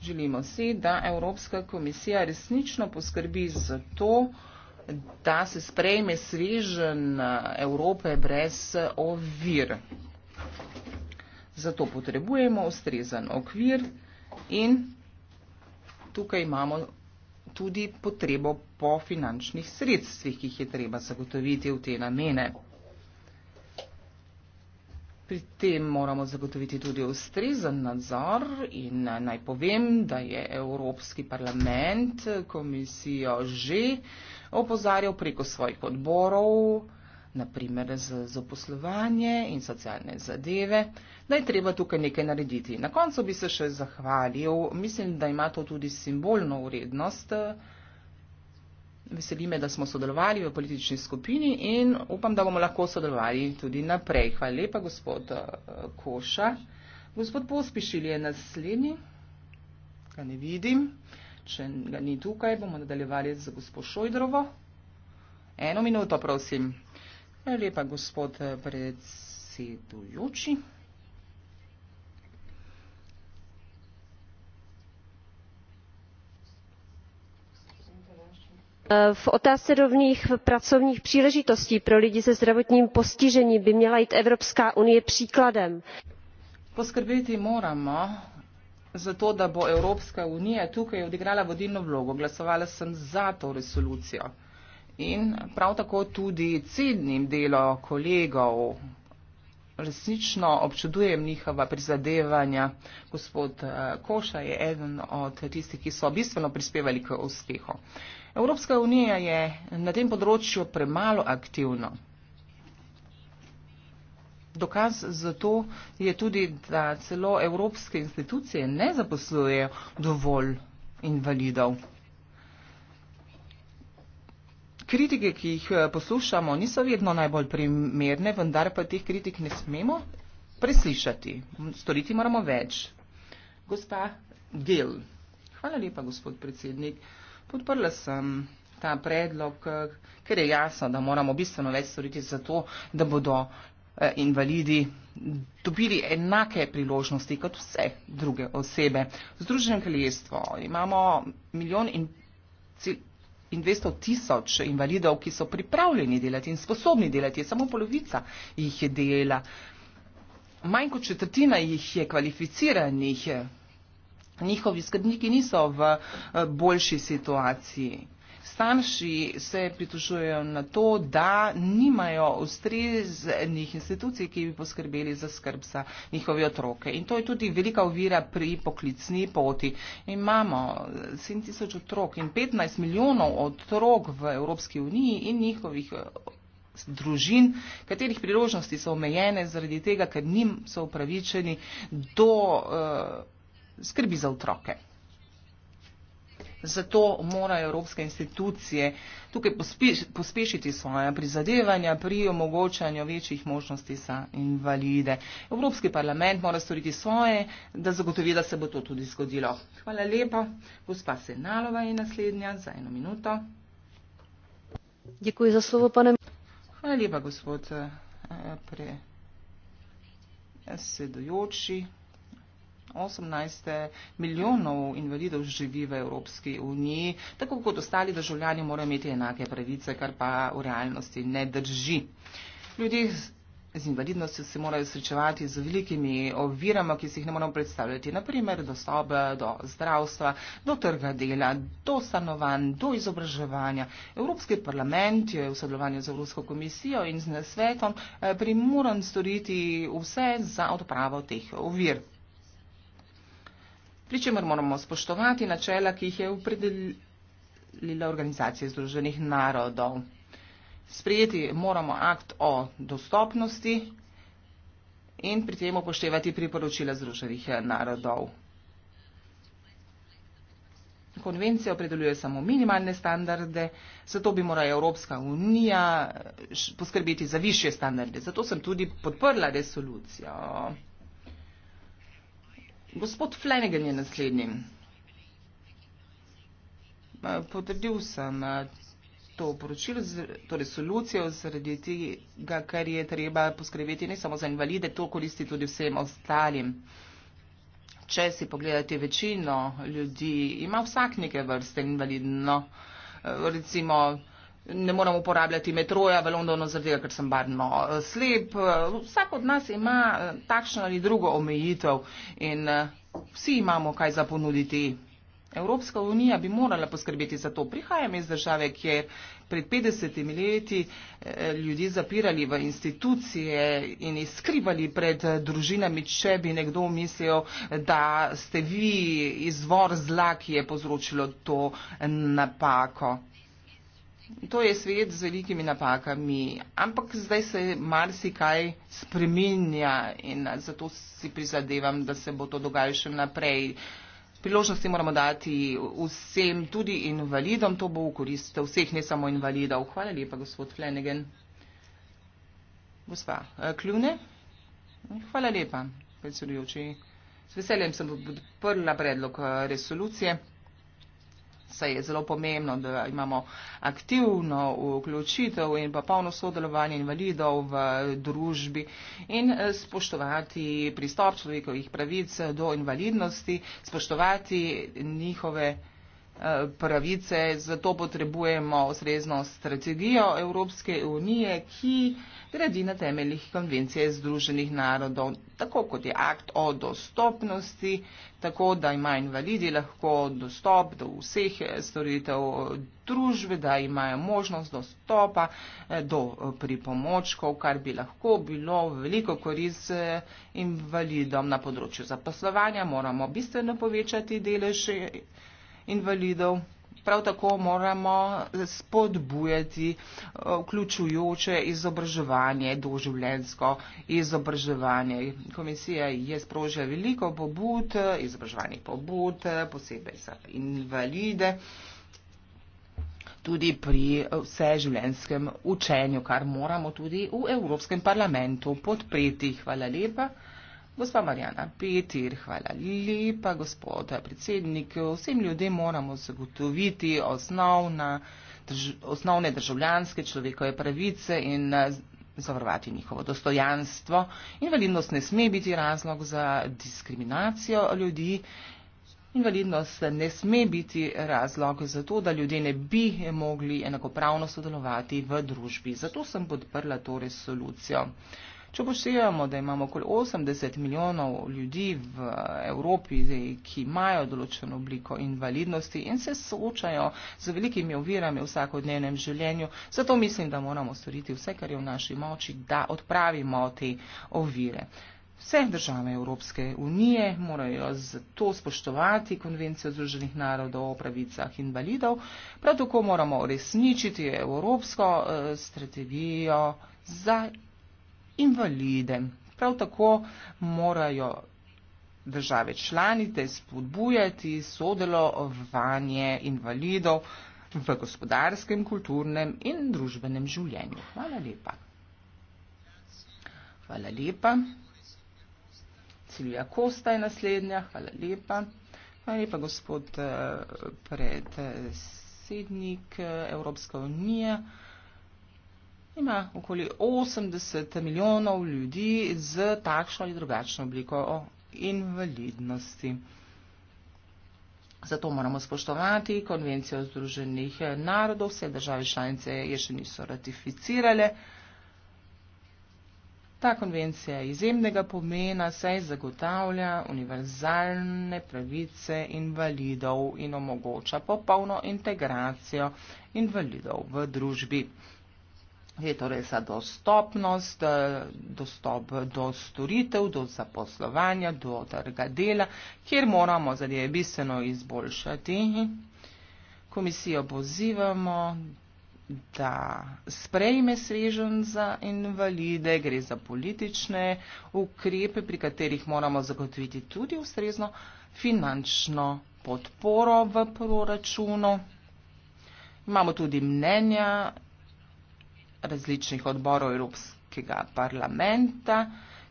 želimo si, da Evropska komisija resnično poskrbi za to, da se sprejme svežen eh, Evrope brez eh, ovir. Zato potrebujemo ustrezan okvir. In tukaj imamo tudi potrebo po finančnih sredstvih, ki jih je treba zagotoviti v te namene. Pri tem moramo zagotoviti tudi ustrezen nadzor in naj povem, da je Evropski parlament komisijo že opozarjal preko svojih odborov, naprimer z zaposlovanje in socialne zadeve, da je treba tukaj nekaj narediti. Na koncu bi se še zahvalil, mislim, da ima to tudi simbolno urednost. Veseli me, da smo sodelovali v politični skupini in upam, da bomo lahko sodelovali tudi naprej. Hvala lepa, gospod eh, Koša. Gospod Pospišil je naslednji, ga ne vidim. Če ga ni tukaj, bomo nadaljevali z gospod Šojdrovo. Eno minuto, prosim lepa, gospod eh, predsedujoči. Eh, v otázce rovných pracovních příležitostí pro lidi se zdravotním postižením by měla jít Evropská unie příkladem. Poskrbiti moramo za to, da bo Evropska unija tukaj odigrala vodilno vlogo. Glasovala sem za to resolucijo in prav tako tudi cednim delo kolegov. Resnično občudujem njihova prizadevanja. Gospod eh, Koša je eden od tistih, ki so bistveno prispevali k uspehu. Evropska unija je na tem področju premalo aktivna. Dokaz za to je tudi, da celo evropske institucije ne zaposlujejo dovolj invalidov kritike, ki jih eh, poslušamo, niso vedno najbolj primerne, vendar pa teh kritik ne smemo preslišati. Storiti moramo več. Gospa Gil. Hvala lepa, gospod predsednik. Podprla sem ta predlog, eh, ker je jasno, da moramo bistveno več storiti za to, da bodo eh, invalidi dobili enake priložnosti kot vse druge osebe. Združenje kraljestvo imamo milijon in in 200 tisoč invalidov, ki so pripravljeni delati in sposobni delati, je samo polovica jih je dela. Manj kot četrtina jih je kvalificiranih, njihovi skrbniki niso v eh, boljši situaciji. Starši se pritožujejo na to, da nimajo ustreznih institucij, ki bi poskrbeli za skrb za njihove otroke. In to je tudi velika ovira pri poklicni poti. Imamo 7000 otrok in 15 milijonov otrok v Evropski uniji in njihovih eh, družin, katerih priložnosti so omejene zaradi tega, ker njim so upravičeni do uh, skrbi za otroke. Zato morajo evropske institucije tukaj pospe, pospešiti svoje prizadevanja pri omogočanju večjih možnosti za invalide. Evropski parlament mora storiti svoje, da zagotovi, da se bo to tudi zgodilo. Hvala lepa. Gospa Senalova je naslednja za eno minuto. Dekuji za slovo, pane. Hvala lepa, gospod eh, pre sedujoči. 18 milijonov invalidov živi v Evropski uniji, tako kot ostali državljani morajo imeti enake pravice, kar pa v realnosti ne drži. Ljudje z invalidnostjo se morajo srečevati z velikimi ovirama, ki si jih ne moramo predstavljati, naprimer do sobe, do zdravstva, do trga dela, do stanovanj, do izobraževanja. Evropski parlament je v sodelovanju z Evropsko komisijo in z nasvetom eh, primoran storiti vse za odpravo teh ovir pričemer moramo spoštovati načela, ki jih je opredelila organizacija Združenih narodov. Sprijeti moramo akt o dostopnosti in pri tem upoštevati priporočila Združenih narodov. Konvencija opredeljuje samo minimalne standarde, zato bi morala Evropska unija poskrbeti za više standarde. Zato sem tudi podprla resolucijo. Gospod Flanagan je naslednji. Eh, potrdil sem eh, to poročilo, torej solucijo, zaradi tega, kar je treba poskrbeti ne samo za invalide, to koristi tudi vsem ostalim. Če si pogledate večino ljudi, ima vsak neke vrste invalidno, eh, recimo ne morem uporabljati metroja v Londonu, zrdega, ker sem barno eh, slep. Eh, vsak od nas ima eh, takšno ali drugo omejitev in vsi imamo kaj za ponuditi. Evropska unija bi morala poskrbeti za to. Prihajam iz države, kjer pred 50 leti ljudi zapirali v institucije in jih skrivali pred družinami, če bi nekdo mislil, da ste vi izvor zla, ki je povzročilo to napako. To je svet z velikimi napakami, ampak zdaj se marsikaj spreminja in zato si prizadevam, da se bo to dogajalo še naprej. Priložnosti moramo dati vsem, tudi invalidom, to bo v korist vseh, ne samo invalidov. Hvala lepa, gospod Flanagan. Gospa eh, Kljune, hvala lepa, predsedujoči. S veseljem sem podprla predlog eh, resolucije saj je zelo pomembno, da imamo aktivno vključitev in pa polno sodelovanje invalidov v družbi in eh, spoštovati pristop človekovih pravic do invalidnosti, spoštovati njihove pravice, zato potrebujemo srezno strategijo Evropske unije, ki gradi na temeljih konvencije Združenih narodov, tako kot je akt o dostopnosti, tako da ima invalidi lahko dostop do vseh storitev družbe, da imajo možnost dostopa eh, do eh, pripomočkov, kar bi lahko bilo veliko korist eh, invalidom na področju zaposlovanja. Moramo bistveno povečati delež invalidov. Prav tako moramo spodbujati eh, vključujoče izobraževanje, doživljensko izobraževanje. Komisija je sprožila veliko pobud, eh, izobraževanih pobud, eh, posebej za invalide, tudi pri vseživljenskem učenju, kar moramo tudi v Evropskem parlamentu podpreti. Hvala lepa. Gospa Marjana Petir, hvala lepa, gospod predsednik. Vsem ljudem moramo zagotoviti osnovna, drž, osnovne državljanske človekove pravice in zavarovati njihovo dostojanstvo. Invalidnost ne sme biti razlog za diskriminacijo ljudi. Invalidnost ne sme biti razlog za to, da ljudje ne bi mogli enakopravno sodelovati v družbi. Zato sem podprla to resolucijo. Če poštevamo, da imamo okoli 80 milijonov ljudi v Evropi, ki imajo določeno obliko invalidnosti in se soočajo z velikimi ovirami v vsakodnevnem življenju, zato mislim, da moramo storiti vse, kar je v naši moči, da odpravimo te ovire. Vse države Evropske unije morajo zato spoštovati konvencijo Združenih narodov o pravicah invalidov, prav tako moramo uresničiti evropsko eh, strategijo za invalidnost invalide. Prav tako morajo države članice spodbujati sodelovanje invalidov v gospodarskem, kulturnem in družbenem življenju. Hvala lepa. Hvala lepa. Silvija Kosta je naslednja. Hvala lepa. Hvala lepa, gospod eh, predsednik eh, Evropske unije ima okoli 80 milijonov ljudi z takšno ali drugačno obliko invalidnosti. Zato moramo spoštovati konvencijo Združenih narodov, vse države članice je še niso ratificirale. Ta konvencija je izjemnega pomena, saj zagotavlja univerzalne pravice invalidov in omogoča popolno integracijo invalidov v družbi. Je torej za dostopnost, eh, dostop do storitev, do zaposlovanja, do trga dela, kjer moramo zadeve bistveno izboljšati. Komisijo pozivamo, da sprejme svežen za invalide, gre za politične ukrepe, pri katerih moramo zagotoviti tudi ustrezno finančno podporo v proračunu. Imamo tudi mnenja različnih odborov Evropskega parlamenta,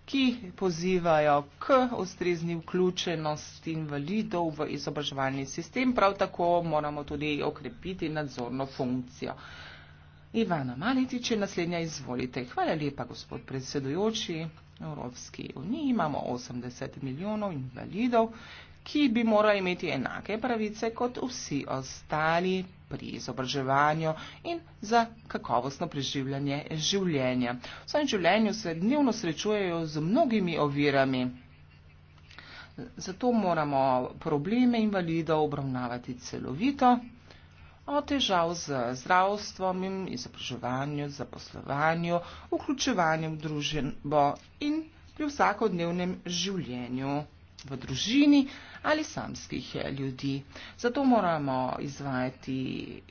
ki pozivajo k ustrezni vključenosti invalidov v izobraževalni sistem, prav tako moramo tudi okrepiti nadzorno funkcijo. Ivana Maletič je naslednja, izvolite. Hvala lepa, gospod predsedujoči Evropski uniji. Imamo 80 milijonov invalidov, ki bi morali imeti enake pravice kot vsi ostali pri izobraževanju in za kakovostno preživljanje življenja. V svojem življenju se dnevno srečujejo z mnogimi ovirami. Zato moramo probleme invalidov obravnavati celovito, od težav z zdravstvom in izobraževanju, zaposlovanju, vključevanju v družbo in pri vsakodnevnem življenju v družini ali samskih eh, ljudi. Zato moramo izvajati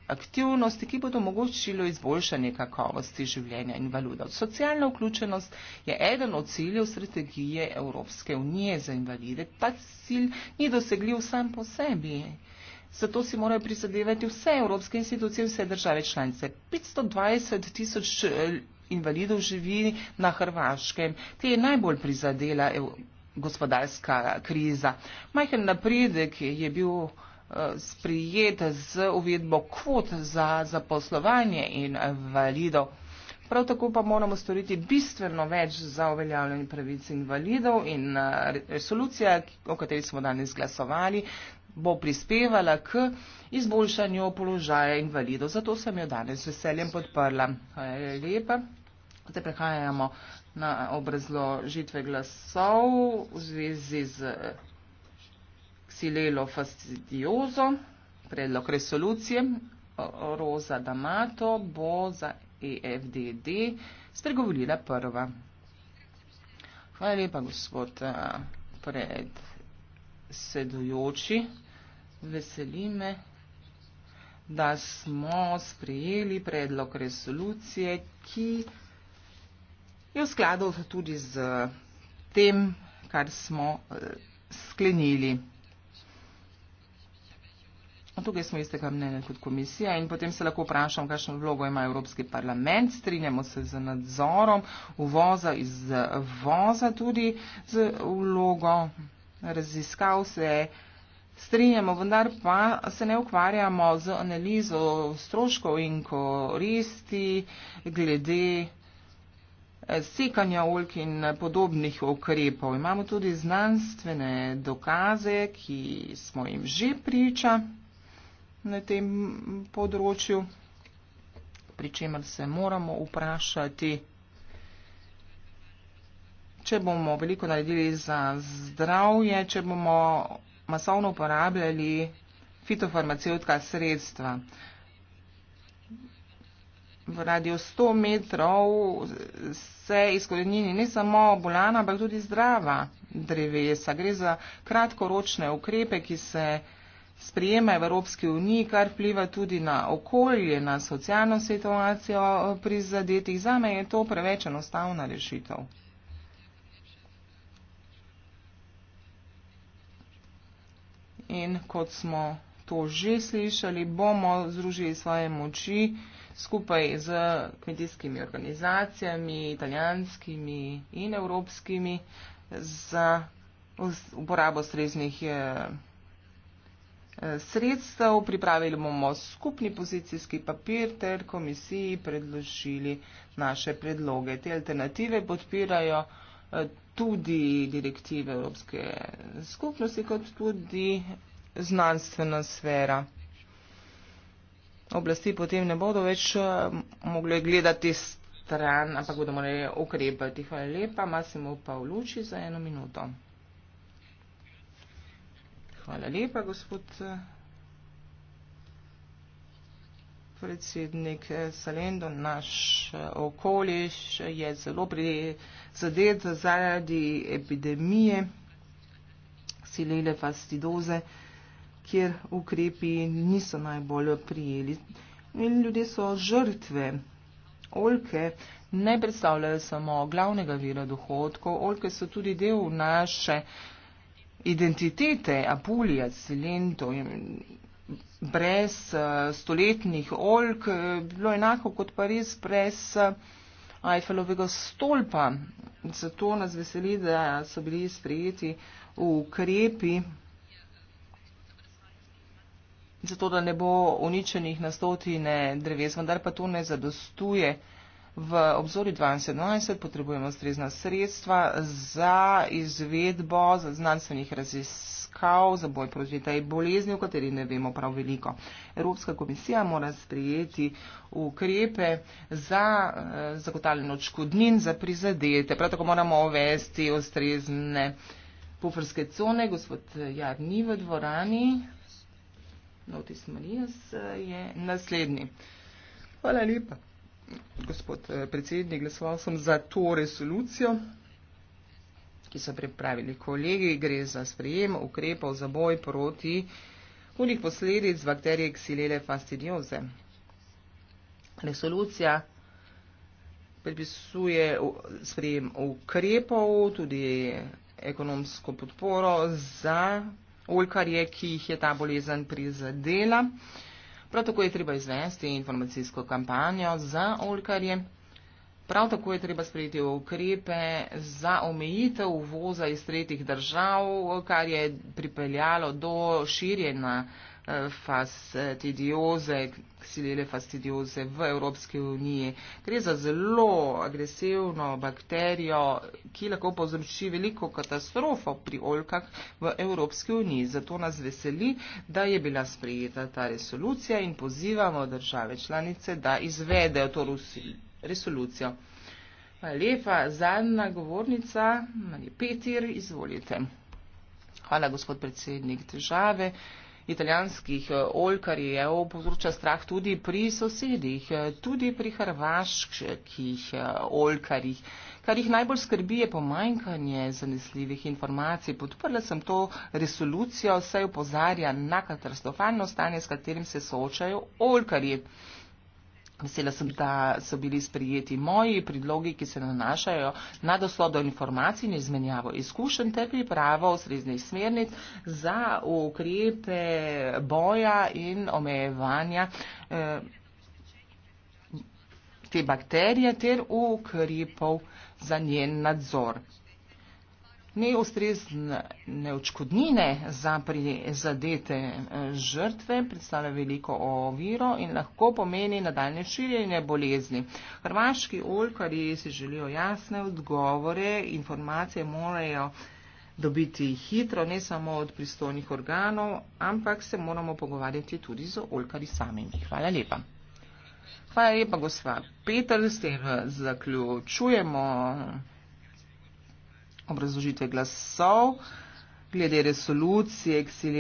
aktivnosti, ki bodo omogočili izboljšanje kakovosti življenja invalidov. Socialna vključenost je eden od ciljev strategije Evropske unije za invalide. Ta cilj ni dosegljiv sam po sebi. Zato si morajo prizadevati vse evropske institucije, vse države članice. 520 tisoč eh, invalidov živi na Hrvaškem, te je najbolj prizadela Evropa gospodarska kriza. Majhen napredek je bil eh, sprijet z uvedbo kvot za zaposlovanje invalidov. Prav tako pa moramo storiti bistveno več za uveljavljanje pravic invalidov in eh, resolucija, o kateri smo danes glasovali, bo prispevala k izboljšanju položaja invalidov. Zato sem jo danes veseljem podprla. Hvala lepa. Zdaj prehajamo na obrazložitve glasov v zvezi z ksilelo eh, fastidiozo, predlog resolucije. Eh, Roza D'Amato bo za EFDD spregovorila prva. Hvala lepa, gospod eh, predsedujoči. Veseli me, da smo sprejeli predlog resolucije, ki je v skladu tudi z tem, kar smo eh, sklenili. No, tukaj smo istega mnenja kot komisija in potem se lahko vprašam, kakšno vlogo ima Evropski parlament. Strinjamo se z nadzorom uvoza iz eh, voza tudi z vlogo raziskav se. Strinjamo, vendar pa se ne ukvarjamo z analizo stroškov in koristi glede sekanja oljk in podobnih ukrepov. Imamo tudi znanstvene dokaze, ki smo jim že priča na tem področju, pri čemer se moramo vprašati, če bomo veliko naredili za zdravje, če bomo masovno uporabljali fitofarmacevtska sredstva v radiju 100 metrov se izkorenini ne samo bolana, ampak tudi zdrava drevesa. Gre za kratkoročne ukrepe, ki se sprijema Evropski uniji, kar vpliva tudi na okolje, na socialno situacijo pri zadetih. Zame je to preveč enostavna rešitev. In kot smo to že slišali, bomo združili svoje moči skupaj z kmetijskimi organizacijami, italijanskimi in evropskimi, za uporabo sreznih eh, eh, sredstev. Pripravili bomo skupni pozicijski papir ter komisiji predložili naše predloge. Te alternative podpirajo eh, tudi direktive Evropske skupnosti, kot tudi znanstvena sfera oblasti potem ne bodo več eh, mogli gledati stran, ampak bodo morali ukrepati. Hvala lepa, Masimo pa v luči za eno minuto. Hvala lepa, gospod eh, predsednik eh, Salendo. Naš okoliš je zelo prizadet zaradi epidemije silele fastidoze kjer ukrepi niso najbolj prijeli. In ljudje so žrtve. Olke ne predstavljajo samo glavnega vira dohodkov, olke so tudi del naše identitete, apulija, silento. Brez eh, stoletnih olk eh, bilo enako kot Pariz brez eh, Eiffelovega stolpa. Zato nas veseli, da so bili sprejeti ukrepi zato da ne bo uničenih na stotine dreves, vendar pa to ne zadostuje. V obzorju 2020 potrebujemo strezna sredstva za izvedbo za znanstvenih raziskav za boj proti tej bolezni, o kateri ne vemo prav veliko. Evropska komisija mora sprijeti ukrepe za eh, zagotavljanje odškodnin za prizadete. Prav tako moramo uvesti ustrezne puferske cone. Gospod Jarni v dvorani. Notis Marijas eh, je naslednji. Hvala lepa, gospod eh, predsednik. Glasoval sem za to resolucijo, ki so pripravili kolegi. Gre za sprejem ukrepov za boj proti hudih posledic bakterije ksilele fastidioze. Resolucija predpisuje sprejem ukrepov, tudi ekonomsko podporo za oljkarje, ki jih je ta bolezen prizadela. Prav tako je treba izvesti informacijsko kampanjo za oljkarje. Prav tako je treba sprejeti ukrepe za omejitev uvoza iz tretjih držav, kar je pripeljalo do širjenja fastidioze, ksilele fastidioze v Evropski uniji. Gre za zelo agresivno bakterijo, ki lahko povzroči veliko katastrofo pri oljkah v Evropski uniji. Zato nas veseli, da je bila sprejeta ta resolucija in pozivamo države članice, da izvedejo to resolucijo. Hvala lepa. Zadnja govornica, Marija Petir, izvolite. Hvala, gospod predsednik države italijanskih eh, oljkarjev povzroča strah tudi pri sosedih, eh, tudi pri hrvaških eh, oljkarjih. Kar jih najbolj skrbi je pomanjkanje zanesljivih informacij. Podprla sem to resolucijo, saj upozarja na katastrofalno stanje, s katerim se soočajo oljkarji. Vesela sem, da so bili sprijeti moji predlogi, ki se nanašajo na doslov do informacij in izmenjavo izkušenj ter pripravo ustreznih smernic za ukrepe boja in omejevanja eh, te bakterije ter ukrepov za njen nadzor ne ustrezne očkodnine za prizadete eh, žrtve predstavlja veliko oviro in lahko pomeni nadaljne širjenje bolezni. Hrvaški oljkari si želijo jasne odgovore, informacije morajo dobiti hitro, ne samo od pristojnih organov, ampak se moramo pogovarjati tudi z oljkari samimi. Hvala lepa. Hvala lepa, gospa Peter, s tem eh, zaključujemo obrazložitve glasov, glede resolucije, ki si le.